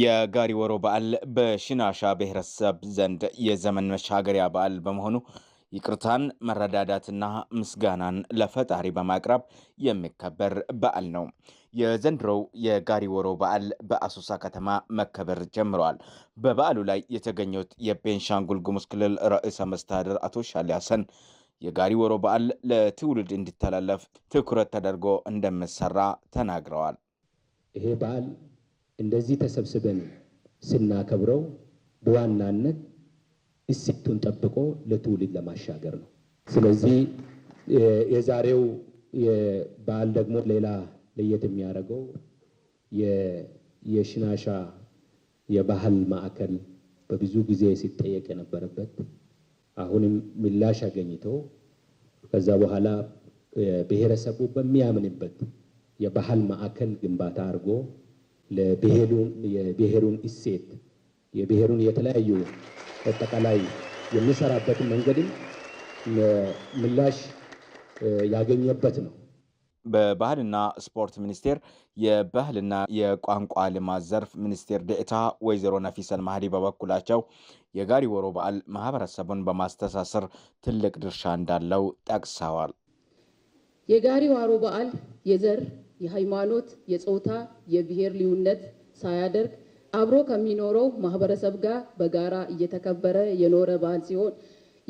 የጋሪ ወሮ በዓል በሽናሻ ብሔረሰብ ዘንድ የዘመን መሻገሪያ በዓል በመሆኑ ይቅርታን፣ መረዳዳትና ምስጋናን ለፈጣሪ በማቅረብ የሚከበር በዓል ነው። የዘንድሮው የጋሪ ወሮ በዓል በአሶሳ ከተማ መከበር ጀምረዋል። በበዓሉ ላይ የተገኙት የቤንሻንጉል ጉሙዝ ክልል ርዕሰ መስተዳድር አቶ ሻሌ ሀሰን የጋሪ ወሮ በዓል ለትውልድ እንዲተላለፍ ትኩረት ተደርጎ እንደሚሰራ ተናግረዋል። ይሄ በዓል እንደዚህ ተሰብስበን ስናከብረው በዋናነት እሴቱን ጠብቆ ለትውልድ ለማሻገር ነው። ስለዚህ የዛሬው በዓል ደግሞ ሌላ ለየት የሚያደርገው የሽናሻ የባህል ማዕከል በብዙ ጊዜ ሲጠየቅ የነበረበት አሁንም ምላሽ አገኝቶ ከዛ በኋላ ብሔረሰቡ በሚያምንበት የባህል ማዕከል ግንባታ አድርጎ የብሔሩን እሴት የብሔሩን የተለያዩ አጠቃላይ የሚሰራበትን መንገድም ምላሽ ያገኘበት ነው። በባህልና ስፖርት ሚኒስቴር የባህልና የቋንቋ ልማት ዘርፍ ሚኒስቴር ዴኤታ ወይዘሮ ነፊሰን ማህዲ በበኩላቸው የጋሪ ወሮ በዓል ማህበረሰቡን በማስተሳሰር ትልቅ ድርሻ እንዳለው ጠቅሰዋል። የጋሪ ዋሮ በዓል የዘር የሃይማኖት፣ የጾታ፣ የብሔር ልዩነት ሳያደርግ አብሮ ከሚኖረው ማህበረሰብ ጋር በጋራ እየተከበረ የኖረ ባህል ሲሆን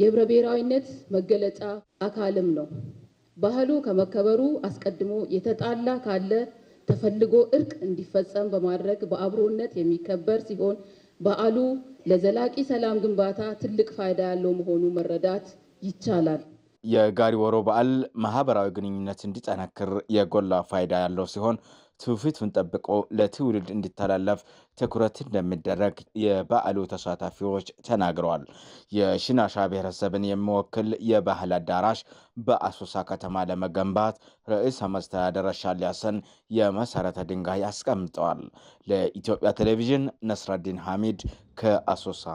የህብረ ብሔራዊነት መገለጫ አካልም ነው። ባህሉ ከመከበሩ አስቀድሞ የተጣላ ካለ ተፈልጎ እርቅ እንዲፈጸም በማድረግ በአብሮነት የሚከበር ሲሆን በዓሉ ለዘላቂ ሰላም ግንባታ ትልቅ ፋይዳ ያለው መሆኑ መረዳት ይቻላል። የጋሪ ወሮ በዓል ማህበራዊ ግንኙነት እንዲጠናክር የጎላ ፋይዳ ያለው ሲሆን ትውፊቱን ጠብቆ ለትውልድ እንዲተላለፍ ትኩረት እንደሚደረግ የበዓሉ ተሳታፊዎች ተናግረዋል። የሽናሻ ብሔረሰብን የሚወክል የባህል አዳራሽ በአሶሳ ከተማ ለመገንባት ርዕሰ መስተዳደር ሊያሰን የመሰረተ ድንጋይ አስቀምጠዋል። ለኢትዮጵያ ቴሌቪዥን ነስረዲን ሐሚድ ከአሶሳ